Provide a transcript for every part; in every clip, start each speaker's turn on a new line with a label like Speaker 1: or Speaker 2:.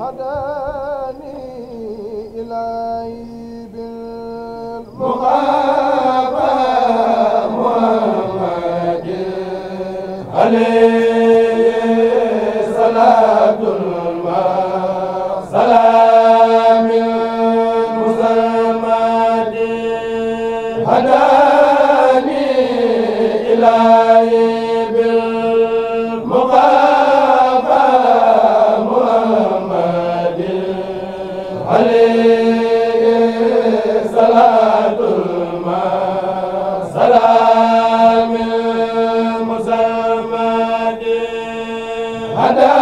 Speaker 1: هداني إلهي بالمغابة محمد عليه صلاة سلام المسلمات هداني hada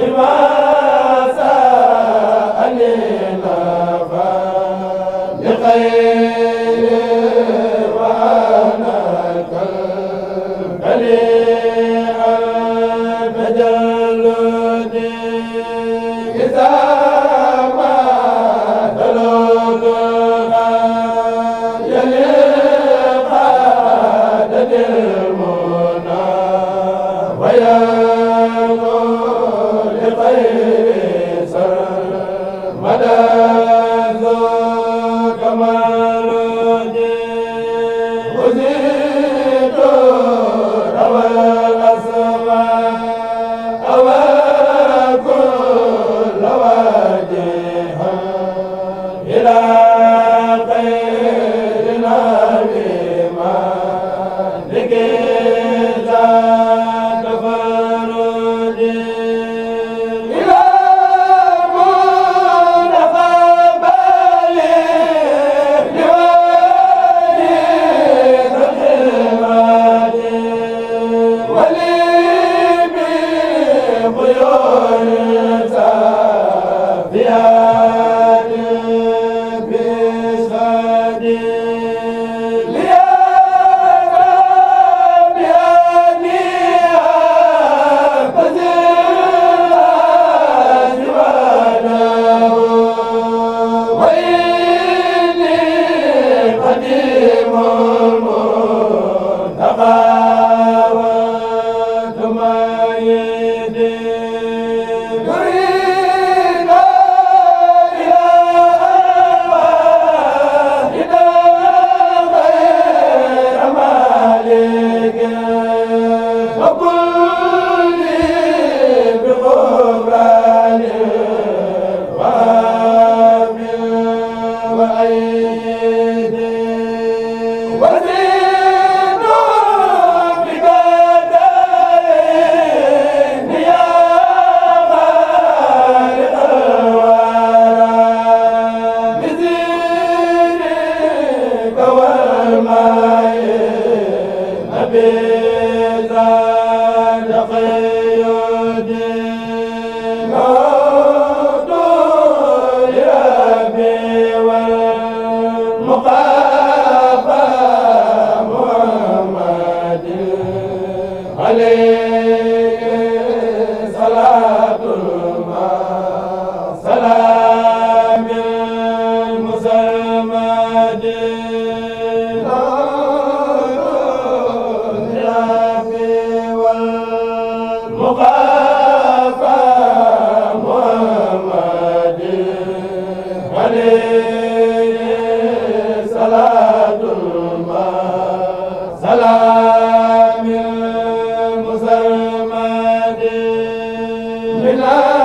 Speaker 1: لما سألنا فلخير Yeah. وكل la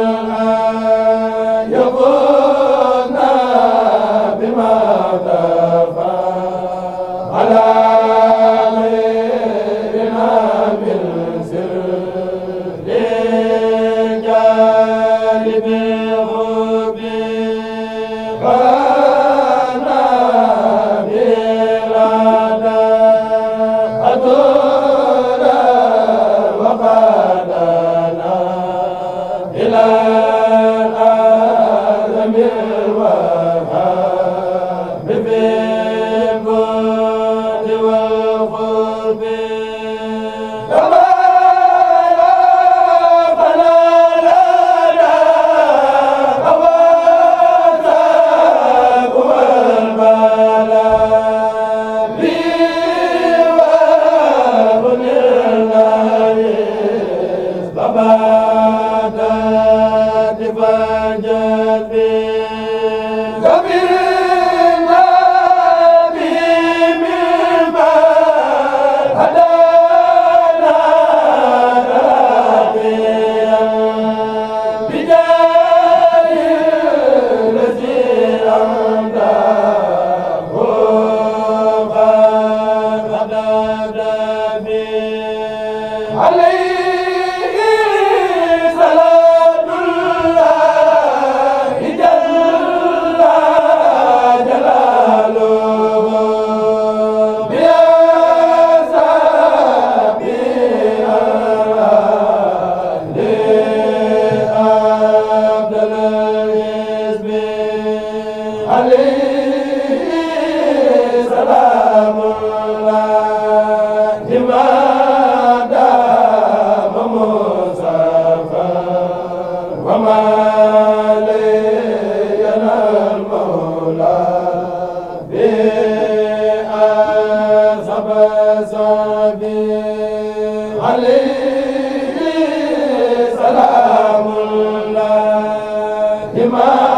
Speaker 1: al daa ma